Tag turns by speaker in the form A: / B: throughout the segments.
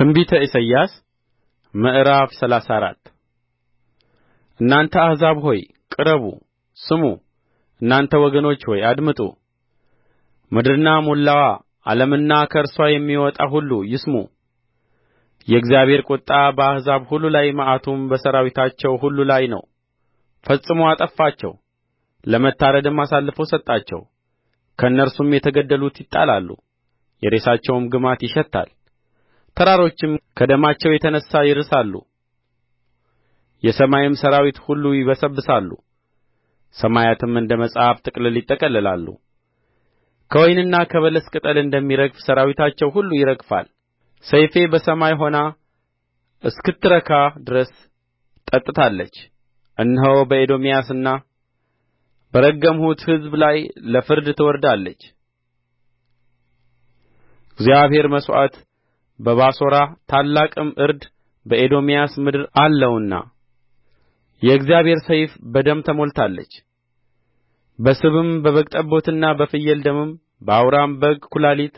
A: ትንቢተ ኢሳይያስ ምዕራፍ ሰላሳ አራት እናንተ አሕዛብ ሆይ ቅረቡ ስሙ እናንተ ወገኖች ሆይ አድምጡ ምድርና ሙላዋ ዓለምና ከእርስዋ የሚወጣ ሁሉ ይስሙ የእግዚአብሔር ቍጣ በአሕዛብ ሁሉ ላይ መዓቱም በሠራዊታቸው ሁሉ ላይ ነው ፈጽሞ አጠፋቸው ለመታረድም አሳልፎ ሰጣቸው ከእነርሱም የተገደሉት ይጣላሉ የሬሳቸውም ግማት ይሸታል ተራሮችም ከደማቸው የተነሣ ይርሳሉ የሰማይም ሠራዊት ሁሉ ይበሰብሳሉ ሰማያትም እንደ መጽሐፍ ጥቅልል ይጠቀልላሉ። ከወይንና ከበለስ ቅጠል እንደሚረግፍ ሠራዊታቸው ሁሉ ይረግፋል ሰይፌ በሰማይ ሆና እስክትረካ ድረስ ጠጥታለች እነሆ በኤዶምያስና በረገምሁት ሕዝብ ላይ ለፍርድ ትወርዳለች እግዚአብሔር መሥዋዕት በባሶራ ታላቅም እርድ በኤዶምያስ ምድር አለውና የእግዚአብሔር ሰይፍ በደም ተሞልታለች በስብም በበግ ጠቦትና በፍየል ደምም በአውራም በግ ኵላሊት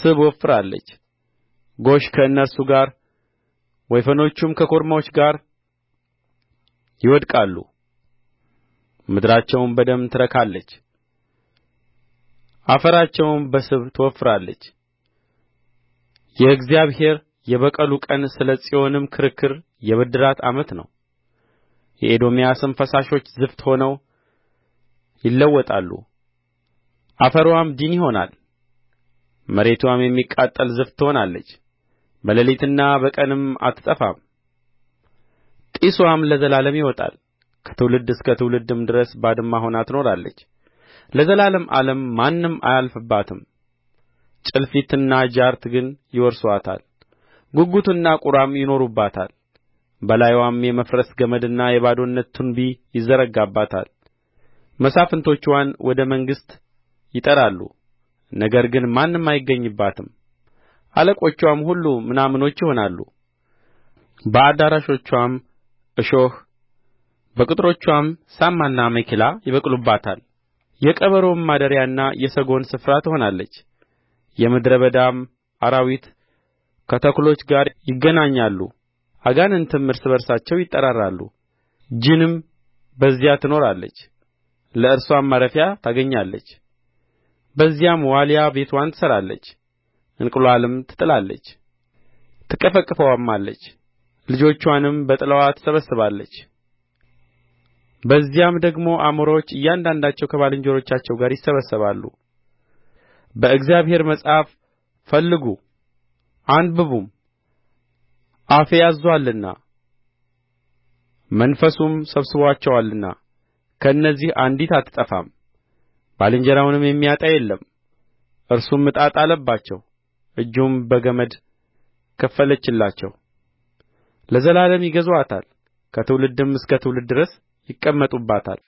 A: ስብ ወፍራለች ጎሽ ከእነርሱ ጋር ወይፈኖቹም ከኮርማዎች ጋር ይወድቃሉ ምድራቸውም በደም ትረካለች አፈራቸውም በስብ ትወፍራለች የእግዚአብሔር የበቀሉ ቀን ስለ ጽዮንም ክርክር የብድራት ዓመት ነው የኤዶምያስም ፈሳሾች ዝፍት ሆነው ይለወጣሉ አፈርዋም ዲን ይሆናል መሬትዋም የሚቃጠል ዝፍት ትሆናለች በሌሊትና በቀንም አትጠፋም ጢስዋም ለዘላለም ይወጣል ከትውልድ እስከ ትውልድም ድረስ ባድማ ሆና ትኖራለች ለዘላለም ዓለም ማንም አያልፍባትም ጭልፊትና ጃርት ግን ይወርሱአታል ጕጕትና ቍራም ይኖሩባታል በላይዋም የመፍረስ ገመድና የባዶነት ቱንቢ ይዘረጋባታል መሳፍንቶችዋን ወደ መንግሥት ይጠራሉ ነገር ግን ማንም አይገኝባትም አለቆችዋም ሁሉ ምናምኖች ይሆናሉ በአዳራሾችዋም እሾህ በቅጥሮችዋም ሳማና አሜከላ ይበቅሉባታል የቀበሮም ማደሪያና የሰጐን ስፍራ ትሆናለች የምድረ በዳም አራዊት ከተኵሎች ጋር ይገናኛሉ አጋንንትም እርስ በርሳቸው ይጠራራሉ ጅንም በዚያ ትኖራለች ለእርስዋም ማረፊያ ታገኛለች በዚያም ዋልያ ቤትዋን ትሠራለች እንቍላልም ትጥላለች ትቀፈቅፈውማለች ልጆችዋንም በጥላዋ ትሰበስባለች በዚያም ደግሞ አሞራዎች እያንዳንዳቸው ከባልንጀሮቻቸው ጋር ይሰበሰባሉ በእግዚአብሔር መጽሐፍ ፈልጉ አንብቡም አፌ አዝዞአልና መንፈሱም ሰብስቦአቸዋልና ከእነዚህ አንዲት አትጠፋም ባልንጀራውንም የሚያጣ የለም እርሱም ዕጣ ጣለባቸው እጁም በገመድ ከፈለችላቸው ለዘላለም ይገዙአታል ከትውልድም እስከ ትውልድ ድረስ ይቀመጡባታል